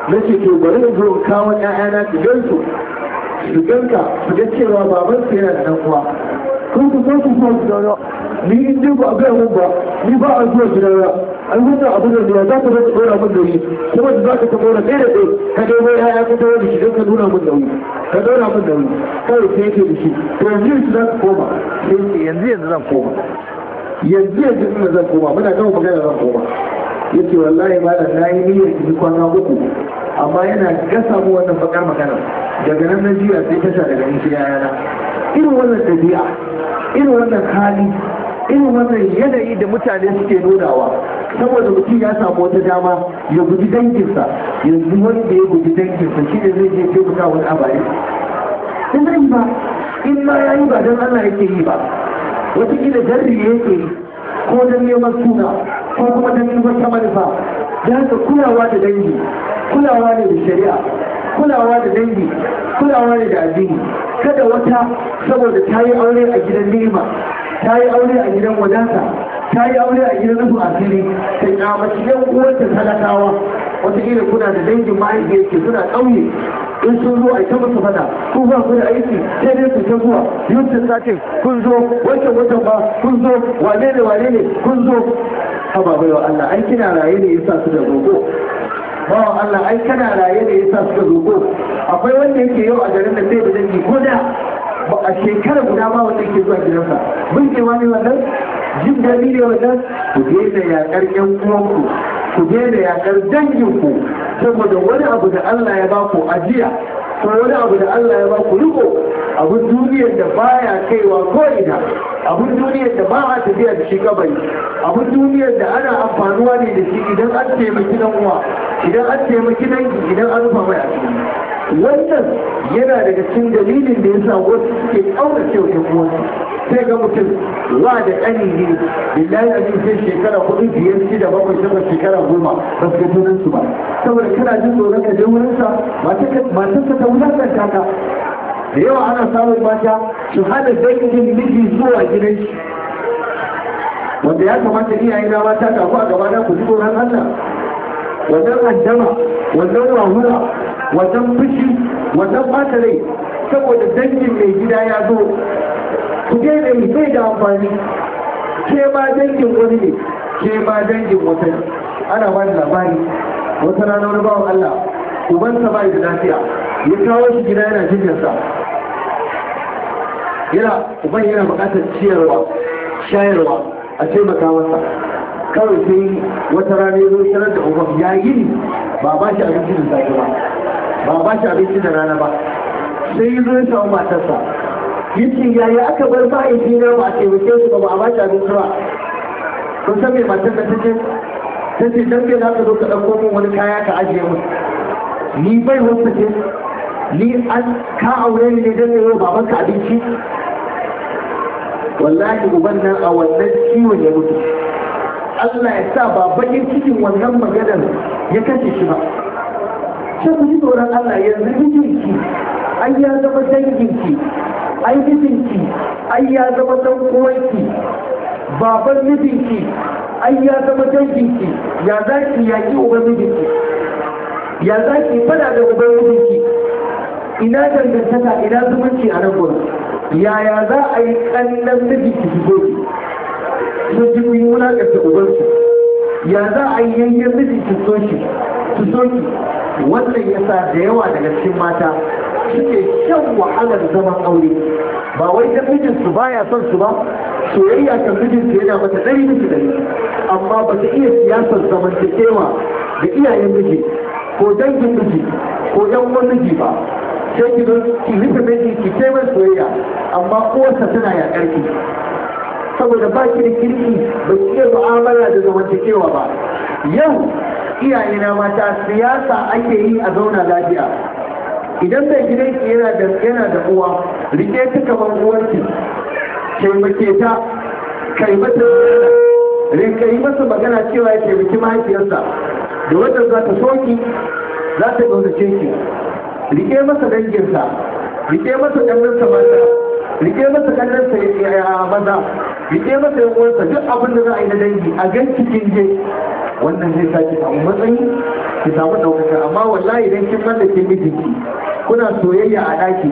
na ce to bari in zo in kawo ya'ya na su gan su su ka su ga cewa baban su yana da ɗan uwa kun ku san ku zuwa gidana ni in ba a gaya mun ba ni ba a zuwa gidana an da abu da ya za ka zo ka dora mun nauyi kuma da za ka tafi wani ɗaya da ka dai mai yaya ka tawo da shi don ka nuna mun nauyi ka dora mun nauyi kawai sai yake da shi to yanzu yanzu za ka koma sai yanzu yanzu zan koma yanzu yanzu ina zan koma muna gama magana zan koma yace wallahi malam na yi niyyar ki kwana uku amma yana gasa mu wannan bakar magana daga nan na jiya sai tasha daga ni sai yana irin wannan dabi'a irin wannan hali irin wannan yanayi da mutane suke nunawa saboda mutum ya samu wata dama ya guji danginsa yanzu wani da ya guji danginsa shi ne zai je buka wani abari in zai ba in ma ya yi ba don allah yake yi ba gida jarri ya yi ko don neman suna ko kuma don neman ta manufa da haka kulawa da dangi kulawa ne da shari'a kulawa da dangi kulawa ne da addini kada wata saboda ta yi aure a gidan nema ta yi aure a gidan wajensa ta yi aure a gidan rufin asiri ta kyamaci yan uwarta talakawa wata irin kuna da dangin ma'aikiyarki suna ƙauye in sun zo a kama musu fada ku ba ku da aiki sai dai ku ta zuwa yutun satin kun zo wancan watan ba kun zo wane ne wane ne kun zo haba baiwa Allah ai kina raye ne yasa su da roƙo wa Allah ai kana raye ne yasa suka roƙo akwai wanda yake yau a garin da sai da dangi ko da a shekara guda ma wanda ke zuwa gidansa mun ke wani wannan jin daɗi ne wannan ku daina yaƙar ƴan uwanku ku daina yaƙar danginku saboda wani abu da Allah ya baku ajiya ko wani abu da Allah ya baku riko abin duniyar da baya kaiwa ko ina abin duniyar da ba a tafiya da shi kabari abin duniyar da ana amfanuwa ne da shi idan an taimaki dan uwa idan an taimaki dangi idan an rufa mai a cikin wannan yana daga cikin dalilin da ya sa wasu ke ƙaura kyautar da wasu sai ga mutum wa da ƙani ne billahi a sai shekara hudu biyar shida bakwai takwas shekara goma ba su ga junansu ba saboda kana jin tsoron ka je wurinsa matarsa ta wulakanta ka da yawa ana samun mata su hada dangin miji zuwa gidan shi wanda ya kamata iyaye na mata kafu a gaba na ku ji tsoron Allah wannan addama wannan wahura wajen fushi wajen bata rai saboda dangin mai gida ya zo ku je da yi zai da amfani ke ma dangin wani ne ke ma dangin wata ana ba da labari wata rana wani bawan Allah ubansa ba da lafiya ya kawo shi gida yana jinyarsa yana uban yana bukatar ciyarwa shayarwa a taimaka masa kawai sai wata rana ya zo sanar da uban ya yi ba ba shi abincin da safe ba ba ba shi abinci da rana ba sai yi zo ya samu matarsa ya yi aka bar a na ba a taimake su ba ba a ba shi abinci ba kun san me matar da take ta ce dan za ka zo ka ɗauko min wani kaya ka ajiye mu ni bai wasu ce ni an ka aure ni ne don yau baban ka abinci wallahi uban nan a wannan ciwon ya mutu Allah ya sa ba bakin cikin wannan maganar ya kashe shi ba sai ku ji tsoron Allah yanzu mijinki ai ya zama danginki ai mijinki ai ya zama dan uwanki baban mijinki ai ya zama danginki ya za ki yaƙi uban mijinki ya za ki fada da uban mijinki ina dangantaka ina zumunci a nan gurin yaya za a yi kallon mijinki su zo ki su ji kun yi wulaƙanta ubansu ya za a yi yayyen mijinki so shi su soki wannan yasa da yawa daga cikin mata suke shan wahalar zaman aure ba wai ta mijin su ba ya son su ba soyayya kan mijin su yana mata dari miki dari amma ba ta iya siyasar zamantakewa da iyayen miji ko dangin miji ko yan uwan miji ba sai ki don ki rufe miji ki kewar soyayya amma uwarsa tana ya karki saboda ba ki da kirki ba ki iya mu'amala da zamantakewa ba yau iyaye na mata siyasa ake yi a zauna lafiya idan mai ki yana da yana da uwa rike ta kamar uwarki taimake ta kai mata rike yi masa magana cewa ya taimaki mahaifiyarsa da wadda za ta soki za ta gauzace ki rike masa danginsa rike masa sa mata rike masa ya maza rike masa yin uwansa duk abin da za a yi na dangi a gan cikin je wannan zai sake samu matsayi ki samu ɗaukaka amma wallahi idan kin mallake mijinki kuna soyayya a ɗaki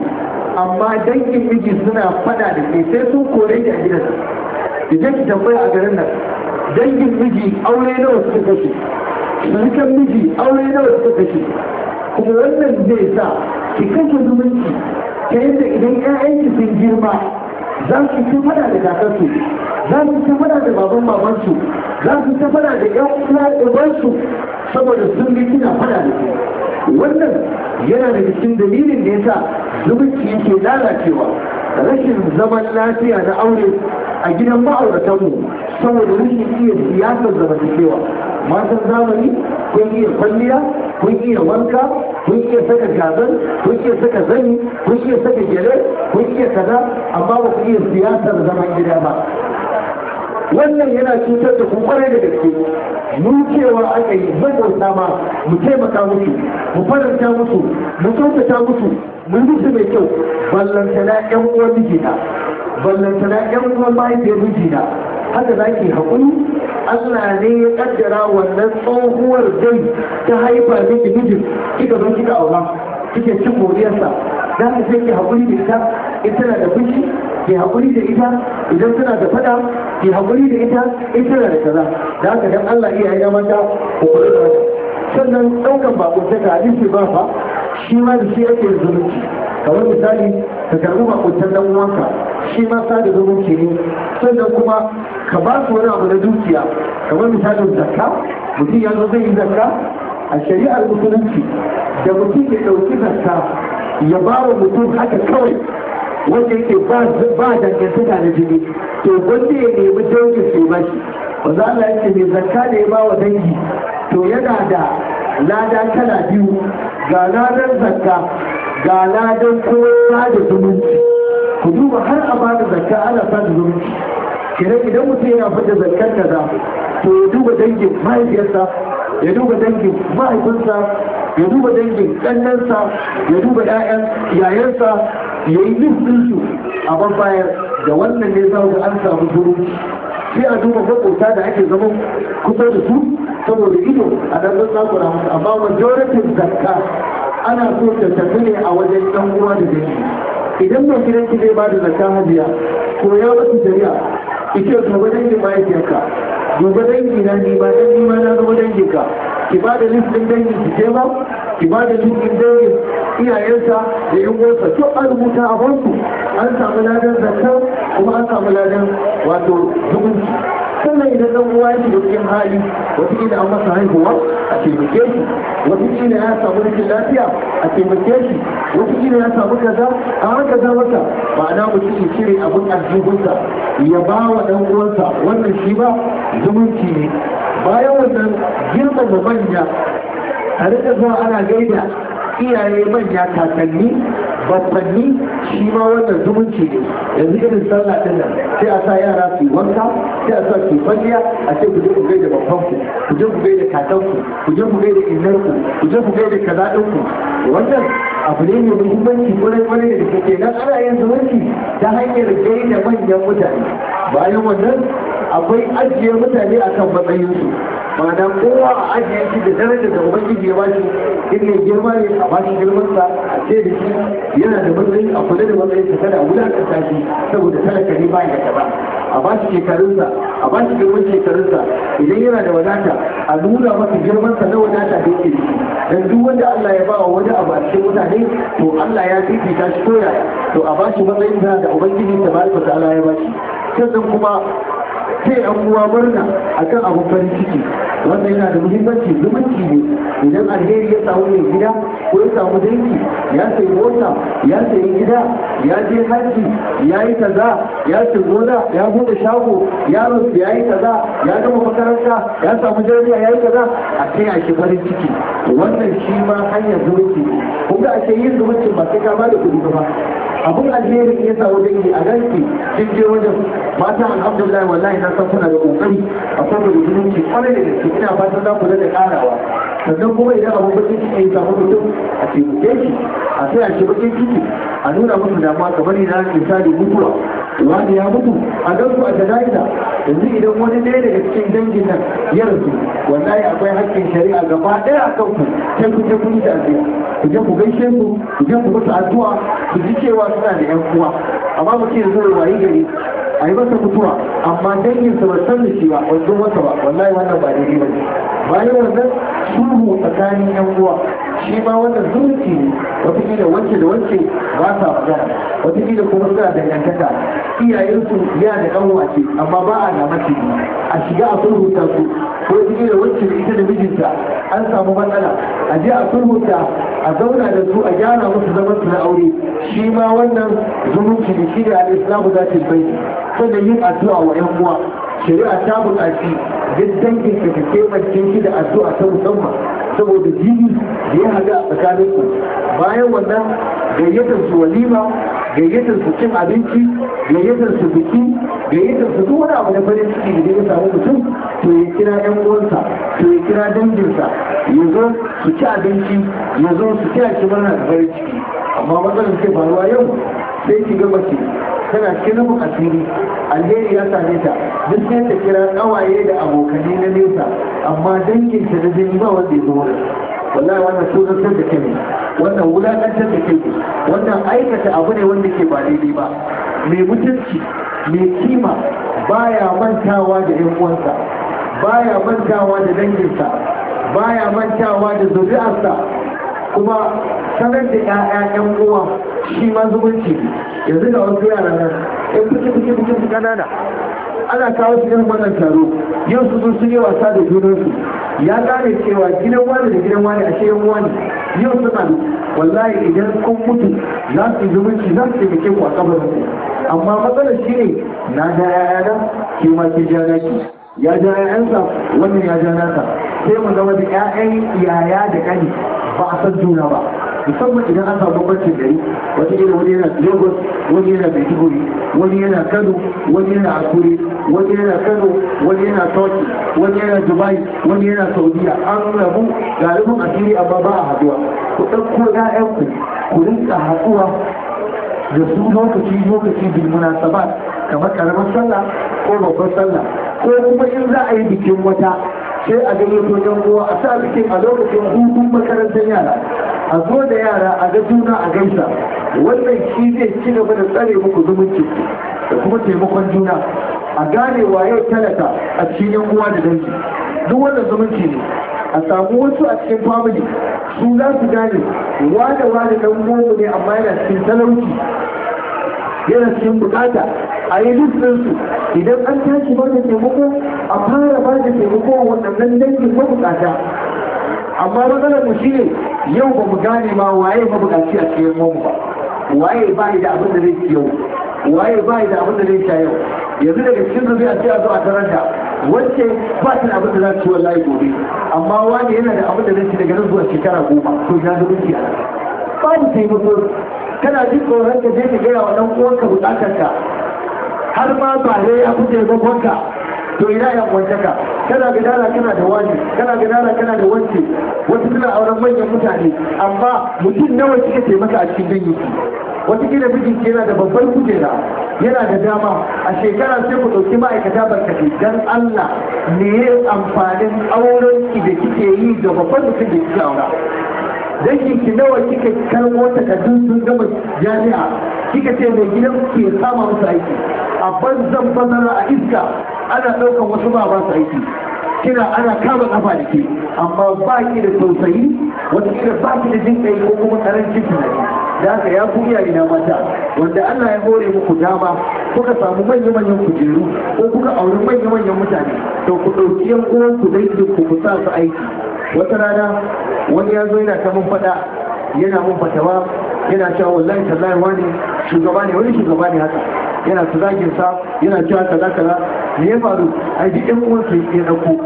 amma dangin miji suna fada da ke sai sun kore ki a gidan ki je ki tambaya a garin nan dangin miji aure nawa suka kashe surukan miji aure nawa suka kashe kuma wannan zai sa ki kashe zumunci ta yadda idan 'ya'yanki sun girma za su ci fada da kakansu za su ci fada da baban babansu za su ci fada da yan uwa ubansu saboda sun bi kina fada da su wannan yana da cikin dalilin da yasa zumunci yake lalacewa rashin zaman lafiya na aure a gidan ma'auratanmu saboda rashin iya siyasar zamantakewa matan zamani kun iya kwalliya kun iya wanka kun iya saka gazan kun iya saka zani kun iya saka gele kun iya kaza amma ba ku iya siyasar zaman gida ba wannan yana cutar da ku kwarai da gaske mu cewa aka yi magauta ma mu taimaka musu mu faranta musu mu kyautata musu mu musu mai kyau na yan uwan mijina na yan uwan mahaifiyar mijina haka za ki haƙuri Allah ne ya kaddara wannan tsohuwar dai ta haifa miki mijin kika zo kika aura kike cin moriyarsa za ka ce ki haƙuri da ita in tana da fushi ki haƙuri da ita idan tana da faɗa ki haƙuri da ita in tana da kaza da ka dan Allah iya yi mata ku kula da sannan ɗaukan bakuntaka hadisi ba fa shi ma da shi yake zumunci kamar misali ka karɓi ta dan uwanka shi ma sada zumunci ne sannan kuma ka ba su wani abu na dukiya kamar misalin zakka mutum ya zo zai yi zakka a shari'ar musulunci da mutum ya ɗauki zakka ya ba wa mutum haka kawai wanda yake ba dangantaka na jini to wanda ya nemi dangin su ba shi wanda Allah ya ce mai zakka da ya ba wa dangi to yana da lada kala biyu ga ladar zakka ga ladan kowa da zumunci ku duba har a bada zakka ana sa da zumunci kenan idan mutum yana fita zakkar za, to ya duba dangin mahaifiyarsa ya duba dangin mahaifinsa ya duba dangin ƙannansa ya duba ƴaƴan yayansa ya yi nufin ɗinsu a banbayar da wannan ne za ku an samu zumunci sai a duba maƙota da ake zama kusa da su saboda ido a ɗan tsakura musu amma majoratin zakka ana so ta tafi ne a wajen ɗan uwa da dangi idan mai gidan ki zai bada zaka hajiya ko ya wata shari'a ike gobe dangin mahaifiyarka gobe dangi na ni ba dan ni ma na zama dangin ka ki ba da listin dangin ki je ba ki ba da listin dangin iyayensa da yan uwansa to an rubuta a banku an samu ladan zakka kuma an samu ladan wato zumunci sannan idan dan uwa yake da cikin hali wataƙila an masa haihuwa a taimake shi wata wataƙila ya samu rikin lafiya a taimake shi wata wataƙila ya samu kaza a haka za mata ma'ana mutum ya cire abin aljihunsa ya ba wa ɗan uwansa wannan shi ba zumunci ne bayan wannan girmama manya a rika zuwa ana gaida iyaye manya kakanni bakwanni shi ma wannan zumunci ne yanzu irin sallah din nan sai a sa yara su wanka sai a sa su kwalliya a ce ku je ku gaida babban ku ku je ku gaida kakan ku ku je ku gaida innar ku ku je ku gaida kaza din ku wannan abu ne mai muhimmanci kwarai kwarai da kake nan ana yin zumunci ta hanyar gaida manyan mutane bayan wannan akwai ajiye mutane akan matsayinsu Mana kowa a ajiye shi da darajar da ubangiji ya bashi in ne girma ne a bashi sa a ce da shi yana da matsayi a kula da matsayin sa kada a ta shi saboda tare da ba ya kaza a ba shekarun sa a bashi girman shekarun sa idan yana da wadata a nuna masa sa na wadata da yake da dan duk wanda Allah ya ba wa wani abu a cikin mutane to Allah ya fifita shi koya to a bashi matsayin sa da ubangiji tabaraka ta'ala ya ba shi sannan kuma sai yan uwa murna akan abu farin ciki wannan yana da muhimmanci zumunci ne idan alheri ya samu mai gida ko ya samu dangi ya sayi mota ya sayi gida ya je haji ya yi kaza ya ci gona ya bude shago ya yaron ya yi kaza ya gama makaranta ya samu jami'a ya yi kaza a kai a shi farin ciki wannan shi ma hanyar zumunci kuma a ce yin zumuncin ba sai ka da kuɗi ba abun alheri ya sa wajen yi a ranki cikin je wajen mata alhamdulillah wallahi na san kuna da kokari akwai da zumunci kwarai da gaske ina fatan za ku da karawa sannan kuma idan abun bakin ciki ya samu mutum a taimake shi a sai a ce bakin ciki a nuna musu damuwa kamar ina misali mutuwa wani ya mutu a gansu a jana'ida yanzu idan wani ɗaya daga cikin dangin nan ya rasu wallahi akwai haƙƙin shari'a gaba ɗaya a kanku sai ku je ku yi ku je ku gaishe ku ku je ku musu addu'a ku ji cewa suna da ƴan uwa amma mutum ke da wayi gari a yi masa mutuwa amma danginsa ba san da cewa ba wanzu masa ba wallahi wannan ba daidai ba ne bayan wannan sulhu tsakanin ƴan uwa shi ma wannan zumunci ne watakila wance da wanke ba sa magana watakila kuma suna da yankata iyayensu ya da ɗan ce amma ba a na mace a shiga a sulhunta su ko watakila wance da ita da mijinta an samu matsala a je a sulhunta a zauna da su a gyara musu zaman su na aure shi ma wannan zumunci ne shi da islamu za ta bai sannan yin addu'a wa 'yan uwa shari'a ta buƙaci duk dangin ka ka kebance shi da addu'a ta musamman saboda jini da ya haɗa a tsakaninku bayan wannan gayyatar su walima gayyatar su cin abinci gayyatar su biki gayyatar su duk wani abu na farin ciki da ya samu mutum to ya kira yan uwansa to ya kira danginsa ya zo su ci abinci ya zo su kira shi murna da farin ciki amma matsalar ke faruwa yau sai ki ga mace tana cikin asiri alheri ya same ta duk sai ta kira kawaye da abokanai na nesa amma dangin ta da jini ba wanda ya zo wurin wallahi wannan san da kai wannan wulakantar da kai wannan aikata abu ne wanda ke ba daidai ba mai mutunci mai kima baya mantawa da yan uwansa baya mantawa da danginsa baya mantawa da zuri'arsa kuma sanar da 'ya'ya 'yan uwa shi ma zumunci yanzu da wasu yara nan 'yan fuki fuki fuki kanana ana kawo su irin wannan taro yau su zo sun yi wasa da junansu ya gane cewa gidan wani da gidan wani a yan wani yau suna wallahi idan kun mutu za su zumunci za su taimake ku a kabarin ku amma matsalar shi ne na da yayana ke ma ke ja ki, ya ja yayansa wannan ya ja nasa sai mu zama da yayan yaya da kani ba a san juna ba musamman idan an samu bambancin gari wani yana wani yana lagos wani yana maiduguri wani yana kano wani yana akure wani yana kano wani yana turkey wani yana dubai wani yana saudiya an rabu galibin asiri amma ba a haduwa ku ɗauko ya'yanku ku rinka haduwa da su lokaci lokaci bil sabat, kamar karamar sallah ko babbar sallah ko kuma in za a yi bikin wata sai a gayyato yan uwa a sa bikin a lokacin hutun makarantar yara a zo da yara a ga juna a gaisa wannan shi zai ci gaba da tsare muku zumunci da kuma taimakon juna a gane waye talaka a cikin uwa da dangi duk wannan zumunci ne a samu wasu a cikin family su za su gane wada wada dan gogo ne amma yana cikin talauci yana cikin bukata a yi listinsu idan an tashi ba da taimako a fara ba da taimako waɗannan dangin mabukata amma matsalar mu shine yau ba mu gane ma waye bukaci a cikin mu ba waye ba da abin da zai ci yau waye ba da abin da zai sha yau yanzu daga cikin zuriya sai a zo a tarar da wacce ba ta abin da za ta ci wallahi gobe amma wani yana da abin da zai ci daga nan zuwa shekara goma to ya zo miki a sai taimako kana jin tsoron ka je ka gaya wa ɗan uwanka bukatarka har ma ba ya fi taimakonka to ina yan wantaka kana gidana kana da wani kana gidana kana da wanke wasu suna auren manyan mutane amma mutum nawa kika taimaka a cikin danginki wata gida mijinki yana da babban kujera yana da dama a shekara sai ku ɗauki ma'aikata barkati 'Dan Allah ne amfanin auren ki da kike yi da babban mutum da kike aura dangin ki nawa kika karɓo takardun sun gama jami'a kika ce mai gidan ke sama musu aiki a banzan bazara a iska ana ɗaukar wasu ba su aiki kina ana kama kafa da ke amma ba ki da tausayi wata kira ba ki da jin kai ko kuma karancin tunani da haka ya ku iyaye na mata wanda Allah ya hore muku dama kuka samu manya manyan kujeru ko kuka auri manya manyan mutane to ku ɗauki yan uwan ku dangi ku ku sa su aiki wata rana wani ya zo yana ta mun faɗa yana mun fatawa yana cewa wallahi tallahi wani shugaba ne wani shugaba ne haka yana ta zagin sa yana cewa kaza kaza me ya faru a duk ɗan uwansa ya ɗauko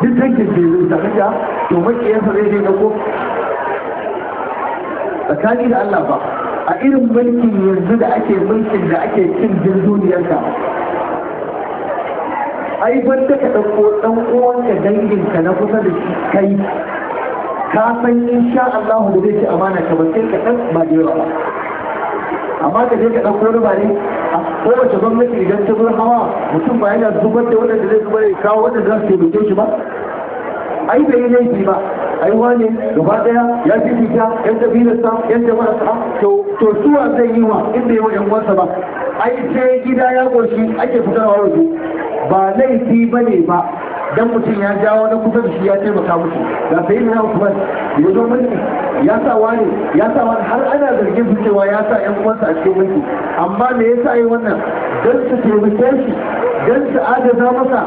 duk dangin da ya zai tafi da to sa zai zai ɗauko tsakani da Allah ba a irin mulkin yanzu da ake mulkin da ake cin jirgin ai wanda ka ɗauko ɗan uwanka ka na kusa da shi kai ka san insha Allah da zai ci amana ka ba sai ka ɗan ba da yawa ba amma ka je ka ɗauko wani ba ne ko wace gwamnati idan ta zuwa hawa mutum ba yana zubar da wadanda zai zubar ya kawo wanda za su taimake shi ba ai bai yi laifi ba ai wane gaba ɗaya ya fi fita yan sa yan jama'arsa to to suwa zai yi wa in bai yi wa yan uwansa ba ai sai gida ya ƙoshi ake fitarwa waje ba laifi ba ne ba dan mutum ya jawo na kusa da shi ya taimaka musu da sai na Usman ya zo mulki ya sa wani ya sa wani har ana zargin su cewa ya sa ƴan uwansa a cikin mulki amma me yasa yi wannan dan su taimake shi dan su adaza masa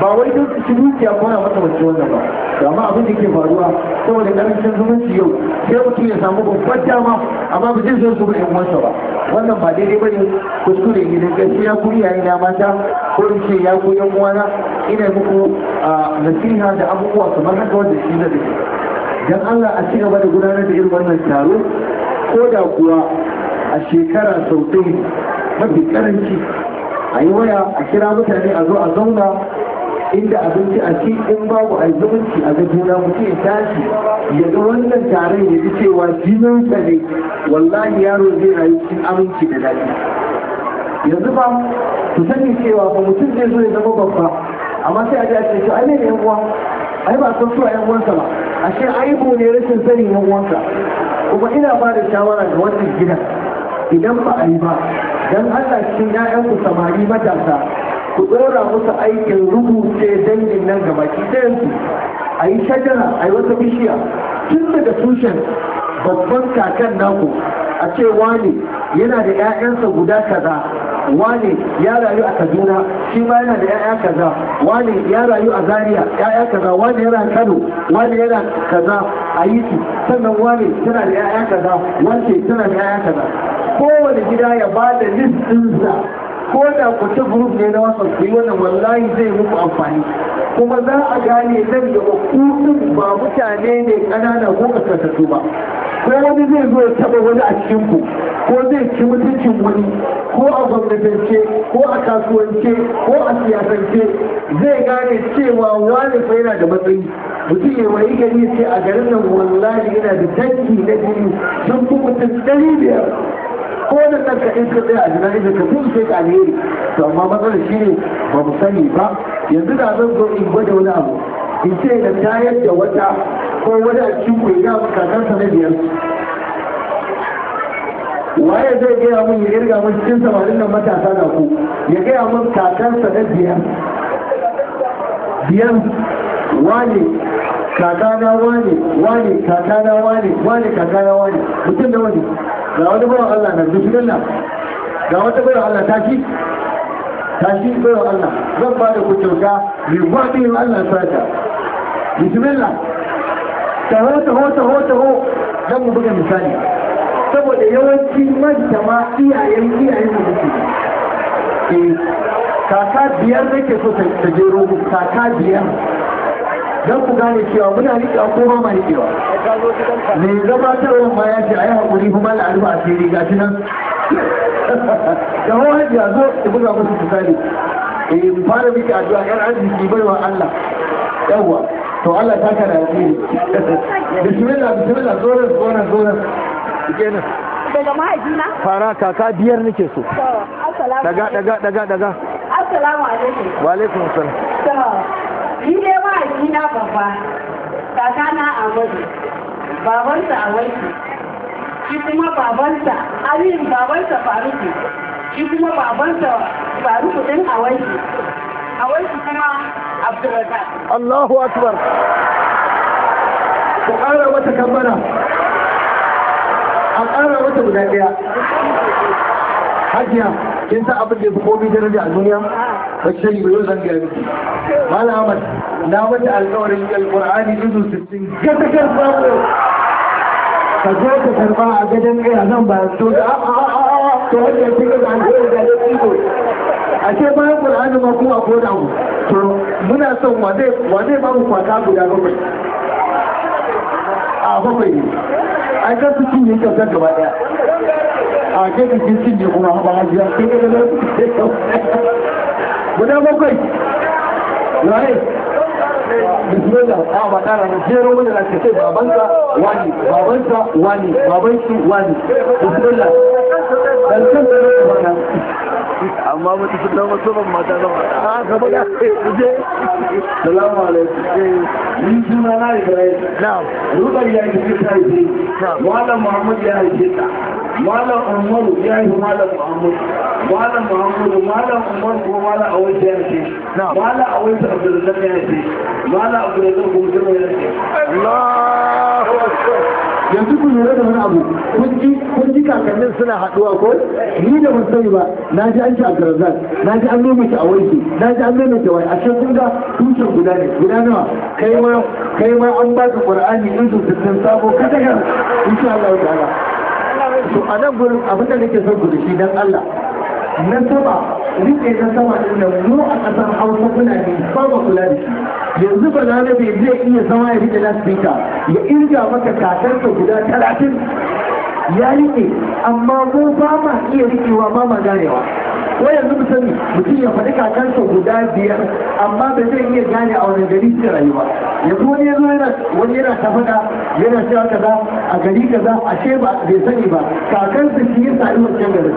ba wai don su dukiya ko na mata mace wannan ba amma abin da ke faruwa saboda karancin zumunci yau sai mutum ya samu babbar dama amma ba zai zo su ga uwansa ba wannan ba daidai bane kuskure ne da gaskiya ku iyaye na mata ko in ce ya ku yan uwana ina muku nasiha da abubuwa kamar haka wanda shi da dan Allah a ci gaba da gudanar da irin wannan taro ko da kuwa a shekara sau mafi karanci a yi waya a kira mutane a zo a zauna inda abinci a ci in babu a zumunci a juna mutum ya tashi ya ga wannan taron ya ji cewa jininsa ne wallahi yaro zai rayu cikin aminci da daɗi yanzu ba su sani cewa ba mutum zai zo ya zama babba amma sai a ji a ce to ai ne yan uwa ai ba san suwa yan uwansa ba A ashe aibu ne rashin sanin yan uwansa kuma ina ba da shawara ga wannan gidan idan ba a yi ba dan Allah cikin 'ya'yanku samari matasa ku tsora musu aikin rubuce dangin nan ga baki ɗayansu a yi shajara a yi wata bishiya tun daga tushen babban kakan naku a ce wani yana da 'ya'yansa guda kaza wani ya rayu a kaduna shi ma yana da 'ya'ya kaza wani ya rayu a zaria 'ya'ya kaza wani yana kano wani yana kaza a yi su sannan wani tana da 'ya'ya kaza wani tana da 'ya'ya kaza kowane gida ya ba da listinsa ko da ku ta guruf ne na wasan ku yi wannan wallahi zai muku amfani kuma za a gane nan da hukumin ba mutane ne ƙanana ko kasantattu ba ko wani zai zo ya taɓa wani a cikin ku ko zai ci mutuncin wani ko a gwamnatance ko a kasuwance ko a siyasance zai gane cewa wani fa yana da matsayi mutum ya wayi gari sai a garin nan wallahi yana da dangi na jini sun fi mutum ɗari biyar ko da nan ka in ka tsaya a jana'izar ka fi sai ka alheri to amma matsalar shi ne ba mu sani ba yanzu da zan zo in gwada wani abu in ce da tayar da wata ko wani a cikin ku ya ga kakarsa na biyar waye zai gaya mun ya irga mun cikin samarin nan matasa na ku ya gaya mun kakarsa na biyar biyar wane kakana wane wane kakana wane wane kakana wane mutum da wani ga wani bayan Allah na bishirin nan ga wata bayan Allah tashi tashi bayan Allah zan ba da ku kyauta mai gwaɗi yin Allah sata bismillah taho taho taho taho zan mu buga misali saboda yawanci manta ma iyayen iyayen mu muke eh, kaka biyar nake so ta jero kaka biyar don ku gane cewa muna riƙewa ko ba ma riƙewa mai gabatarwar ma ya ce a yi haƙuri kuma la'adu a siri ga shi nan da hawan ya zo da buga musu misali eh fara miki addu'a yar arziki baiwa Allah yawa to Allah ta kada ji bismillah bismillah zoran zoran zoran kenan daga mahaifina fara kaka biyar nake so daga daga daga daga assalamu alaikum wa alaikum assalam shi ne mahaifi na babba na a wani babansa a wani shi kuma babansa amin babansa faruku shi kuma babansa faruku din a wani a wani kuma abdulrazak Allahu akbar ku ƙara mata kammara a ƙara mata guda ɗaya hajiya kin san abin da ya fi komi daraja a duniya wacce yi yau zan gari malamar na mata alkawarin alkur'ani izu sittin gata karfa ko ka zo ka karba a gadon A zan ba to da to wanda shi ga alkawarin da ya tsibo a ce bayan qur'ani ma kuma ko da mu to muna son wa zai wa zai ba mu kwata guda bakwai a bakwai ne ai kan su cinye kyautar gaba daya a kai da kin cinye kuma ba hajiya sai ga da guda bakwai raye bismillah a ba tara na jero mana na ce babansa wani babansa wani babansu wani bismillah dan kan da na bana amma mutu sun dawo so ban mata zama a gaba da je salamu alaikum ni suna na ibrahim na'am rubar ya yi ta yi na'am wannan muhammad ya yi ta malam umaru ya yi malam muhammadu malam muhammadu malam umaru kuma malam awai ya ce, malam awai ta abdullahi ya ce, malam abdullahi kuma jirma ya ce. yanzu ku lura da wani abu kun ji kakannin suna haɗuwa ko ni da mun sani ba na ji an ci a garazan na ji an nemi ta a wanki na ji an nemi ta wai a can kun ga tushen guda ne guda nawa kai ma an ba ka qur'ani in su sabo kada ga insha Allah ta'ala to a nan gurin abin da nake son gudu shi don Allah na sama rike na sama din nan mu a ƙasar Hausa kuna ne ba ba kula da shi yanzu ba na bai zai iya zama ya rike na speaker ya irga maka ka guda talatin ya rike amma mu ba ma iya rikewa ba ma ganewa ko yanzu mutum mutum ya faɗi kakansa guda biyar amma ba zai iya gane a wani gari ta rayuwa yanzu wani zo yana wani yana ta faɗa yana cewa kaza a gari kaza ashe ba bai sani ba su shi ya sa iwon gari.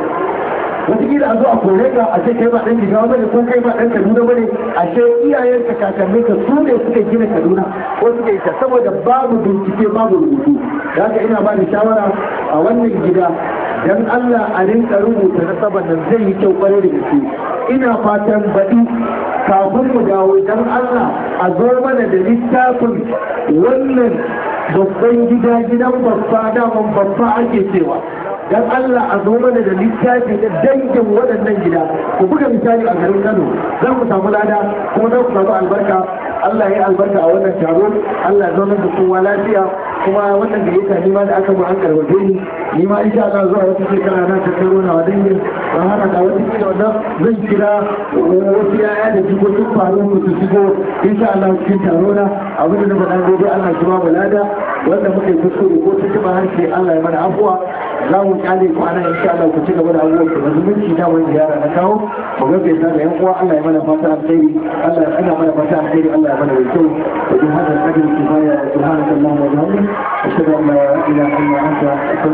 Wasu wataƙila a zo a kore ka a ce kai ba ɗan jigawa bane ko kai ba ɗan kaduna bane a ce iyayen ka kakanni ka su ne suka gina kaduna ko suka yi ta saboda babu bincike babu rubutu da haka ina ba da shawara a wannan gida don Allah a rinka rubuta na saba nan zai yi kyau kwarai da gaske ina fatan baɗi kafin mu dawo don Allah a zo mana da littafin wannan babban gida gidan babba daman babba ake cewa don Allah a zo mana da littafi da dangin waɗannan gida ku buga misali a garin Kano zan ku samu lada kuma zan ku samu albarka Allah ya albarka a wannan taro Allah zama da kowa lafiya kuma wannan da yake nima da aka mu an karbace ni nima insha Allah zuwa wata shekara na ta karo na wadan ba haka da wata da wannan zan kira wasu yaya da jiko sun faru mu su shigo insha Allah cikin taro na abin da na faɗa gobe Allah shi ba mu wanda muke kuskure ko tuntuɓa harshe Allah ya mana abuwa. za mu kyale ku ana insha Allah ku ci gaba da abubuwan ku zumunci da wani ziyara na kawo ku gaggai ta da yan uwa Allah ya mana fata alheri Allah ya ina mana fata alheri Allah ya mana mai kyau da duk hada kadin kifaya subhanallahi wa bihamdihi ashhadu an la ilaha illa anta